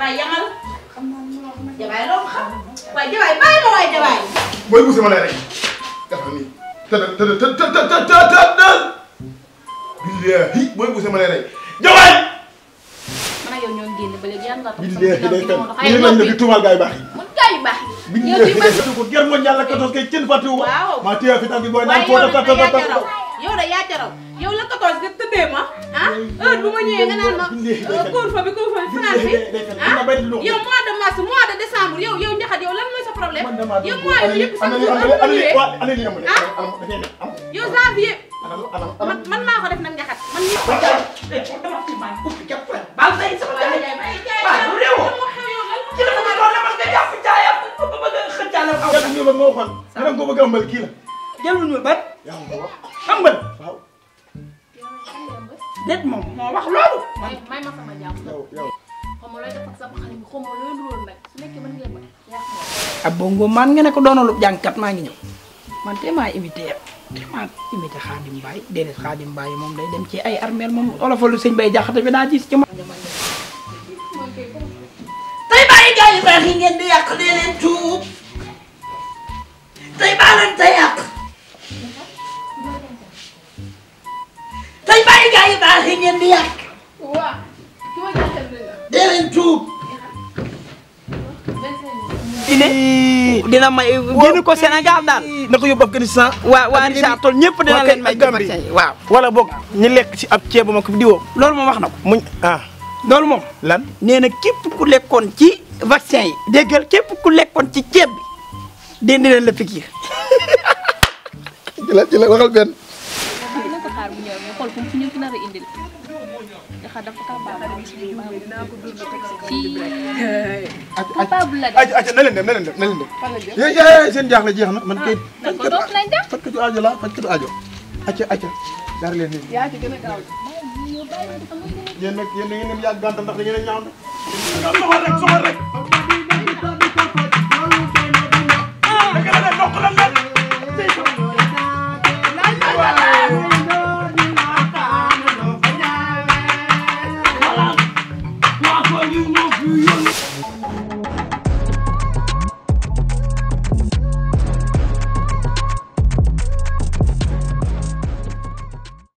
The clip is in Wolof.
jabaay yamal jabaay loo xam waaye jabaay bàyyi la waaye jabaay. booy buuse ma lay rey dafa nii të të të të të të të të të. billahi booy buuse ma lay rey jabaay. man ak yow ñoo génn ba léegi yan la. billahi day fen ñu ne lañ ne di tuumaal gaa yu baax yi. mun gaa yu baax yi. yow ci baax yi billahi day fen ko gerte mooy ñaar la 14 kay cën fàttewu ma. waaw maa téye fi tànk bi booy naan foo def. waaye yow yow da yaa caraw yow la 14 nga tëddee ma ah heure bu ma ñëwee nga naan ma oh, couvre fa bi couvre fa bi fanaan bi ah yow mois de mars mois de décembre yow yow njaxat yow lan mooy sa problème yow mois yi yëpp sax ah yow janvier man maa ko def nag njaxat man ma ko bëgg a ëmbal kii la jëlul ñu bat yaa ngi ko wax xam nga. waaw. déet moom ko def. ab bongo man nga ko doonalu jàngkat maa ngi ñëw man te maa imité yëpp te maa imité Xaadim Mbaay déedéet Xaadim Mbaay moom day dem ci ay armeel moom olofalu sëñ Bay Jaxate bi daa gis ci ma. tey bàyyi gars yi ngeen di yàq dee leen tuub tey baa leen tey yàq. gaa yu ngeen di yàq. waaw. dee dina may génn ko senegal daal. na ko yóbbu Afghanistan. waaw waa Richard Toll ñëpp dina leen may Gambi waaw. wala boog ñu lekk ci ab ceeb ma ko diwoo. loolu moom wax na ko. muñ ah. loolu moom. lan nee na képp lekkoon ci vaccin yi. déggal képp ku lekkoon ci ceeb bi. dindi leen la fikir. waxal benn. xool fu mu fi ñu nar a indil dafa dafa na leen dem na leen dem na leen dem seen jaaxle jeex na man ah, kay fajkatu aajo la fajkatu aajo acca acca dar leen nii yéen nag yéen da ngeen yàgg gànta ndax da ngeen ñaaw soxor rek soxor rek Soyons non plus